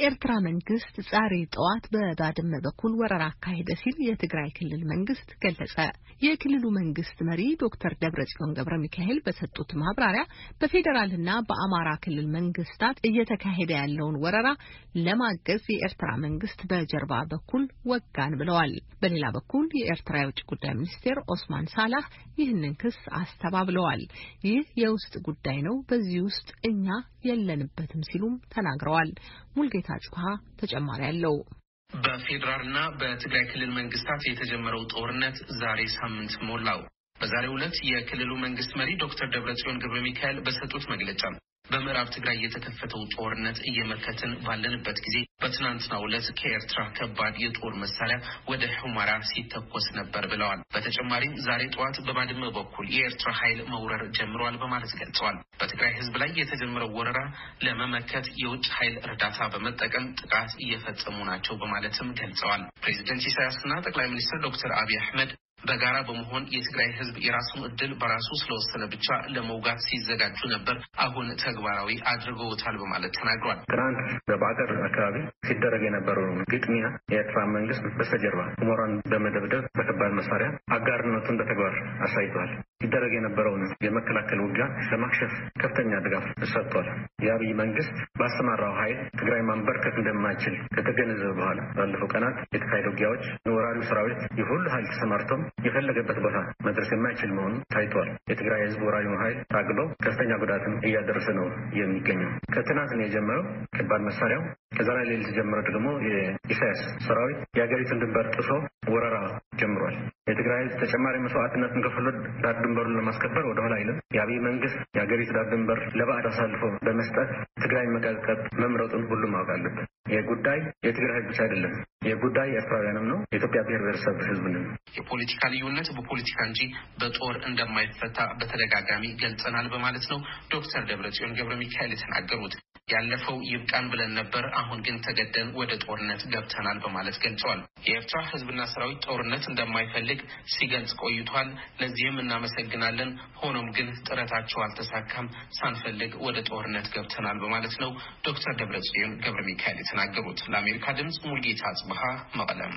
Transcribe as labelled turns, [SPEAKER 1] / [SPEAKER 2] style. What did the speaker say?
[SPEAKER 1] የኤርትራ መንግስት ዛሬ ጠዋት በባድመ በኩል ወረራ አካሄደ ሲል የትግራይ ክልል መንግስት ገለጸ። የክልሉ መንግስት መሪ ዶክተር ደብረጽዮን ገብረ ሚካኤል በሰጡት ማብራሪያ በፌዴራልና በአማራ ክልል መንግስታት እየተካሄደ ያለውን ወረራ ለማገዝ የኤርትራ መንግስት በጀርባ በኩል ወጋን ብለዋል። በሌላ በኩል የኤርትራ የውጭ ጉዳይ ሚኒስቴር ኦስማን ሳላህ ይህንን ክስ አስተባብለዋል። ይህ የውስጥ ጉዳይ ነው፣ በዚህ ውስጥ እኛ የለንበትም ሲሉም ተናግረዋል። ሙልጌታ መለስካች ውሃ ተጨማሪ አለው።
[SPEAKER 2] በፌዴራልና በትግራይ ክልል መንግስታት የተጀመረው ጦርነት ዛሬ ሳምንት ሞላው። በዛሬው ዕለት የክልሉ መንግስት መሪ ዶክተር ደብረጽዮን ገብረ ሚካኤል በሰጡት መግለጫ በምዕራብ ትግራይ የተከፈተው ጦርነት እየመከትን ባለንበት ጊዜ በትናንትናው ዕለት ከኤርትራ ከባድ የጦር መሳሪያ ወደ ሑመራ ሲተኮስ ነበር ብለዋል። በተጨማሪም ዛሬ ጠዋት በባድመ በኩል የኤርትራ ኃይል መውረር ጀምረዋል በማለት ገልጸዋል። በትግራይ ሕዝብ ላይ የተጀመረው ወረራ ለመመከት የውጭ ኃይል እርዳታ በመጠቀም ጥቃት እየፈጸሙ ናቸው በማለትም ገልጸዋል። ፕሬዚደንት ኢሳያስና ጠቅላይ ሚኒስትር ዶክተር አብይ አህመድ በጋራ በመሆን የትግራይ ህዝብ የራሱን እድል በራሱ ስለወሰነ ብቻ ለመውጋት ሲዘጋጁ ነበር፣ አሁን ተግባራዊ አድርገውታል በማለት ተናግሯል።
[SPEAKER 3] ትናንት በባገር አካባቢ ሲደረግ የነበረው ግጥሚያ የኤርትራ መንግስት በስተጀርባ ሁመራን በመደብደብ በከባድ መሳሪያ አጋርነቱን በተግባር አሳይቷል። ይደረግ የነበረውን የመከላከል ውጊያ ለማክሸፍ ከፍተኛ ድጋፍ ሰጥቷል። የአብይ መንግስት ባስተማራው ኃይል ትግራይ ማንበርከት እንደማይችል ከተገነዘበ በኋላ ባለፈው ቀናት የተካሄደ ውጊያዎች ወራሪው ሰራዊት የሁሉ ኃይል ተሰማርቶም የፈለገበት ቦታ መድረስ የማይችል መሆኑ ታይቷል። የትግራይ ህዝብ ወራሪውን ኃይል ታግሎ ከፍተኛ ጉዳትም እያደረሰ ነው የሚገኘው። ከትናንት ነው የጀመረው። ከባድ መሳሪያው ከዛሬ ሌሊት ጀምሮ ደግሞ የኢሳያስ ሰራዊት የሀገሪቱን ድንበር ጥሶ ወረራ ጀምሯል። የትግራይ ህዝብ ተጨማሪ መስዋዕትነትን ከፍሎ ዳር ድንበሩን ለማስከበር ወደኋላ አይልም። የአብይ መንግስት የሀገሪቱ ዳር ድንበር ለባዕድ አሳልፎ በመስጠት ትግራይ መቀጥቀጥ መምረጡን ሁሉም ማወቅ አለበት። ይህ ጉዳይ የትግራይ ህዝብ ብቻ አይደለም። ይህ ጉዳይ የኤርትራውያንም ነው። የኢትዮጵያ ብሔር ብሔረሰብ ህዝብንም።
[SPEAKER 2] የፖለቲካ ልዩነት በፖለቲካ እንጂ በጦር እንደማይፈታ በተደጋጋሚ ገልጸናል በማለት ነው ዶክተር ደብረጽዮን ገብረ ሚካኤል የተናገሩት። ያለፈው ይብቃን ብለን ነበር፣ አሁን ግን ተገደን ወደ ጦርነት ገብተናል በማለት ገልጸዋል። የኤርትራ ህዝብና ሰራዊት ጦርነት እንደማይፈልግ ሲገልጽ ቆይቷል። ለዚህም እናመሰግናለን። ሆኖም ግን ጥረታቸው አልተሳካም፣ ሳንፈልግ ወደ ጦርነት ገብተናል በማለት ነው ዶክተር ደብረጽዮን ገብረ ሚካኤል የተናገሩት። ለአሜሪካ ድምጽ ሙልጌታ አጽብሃ መቀለም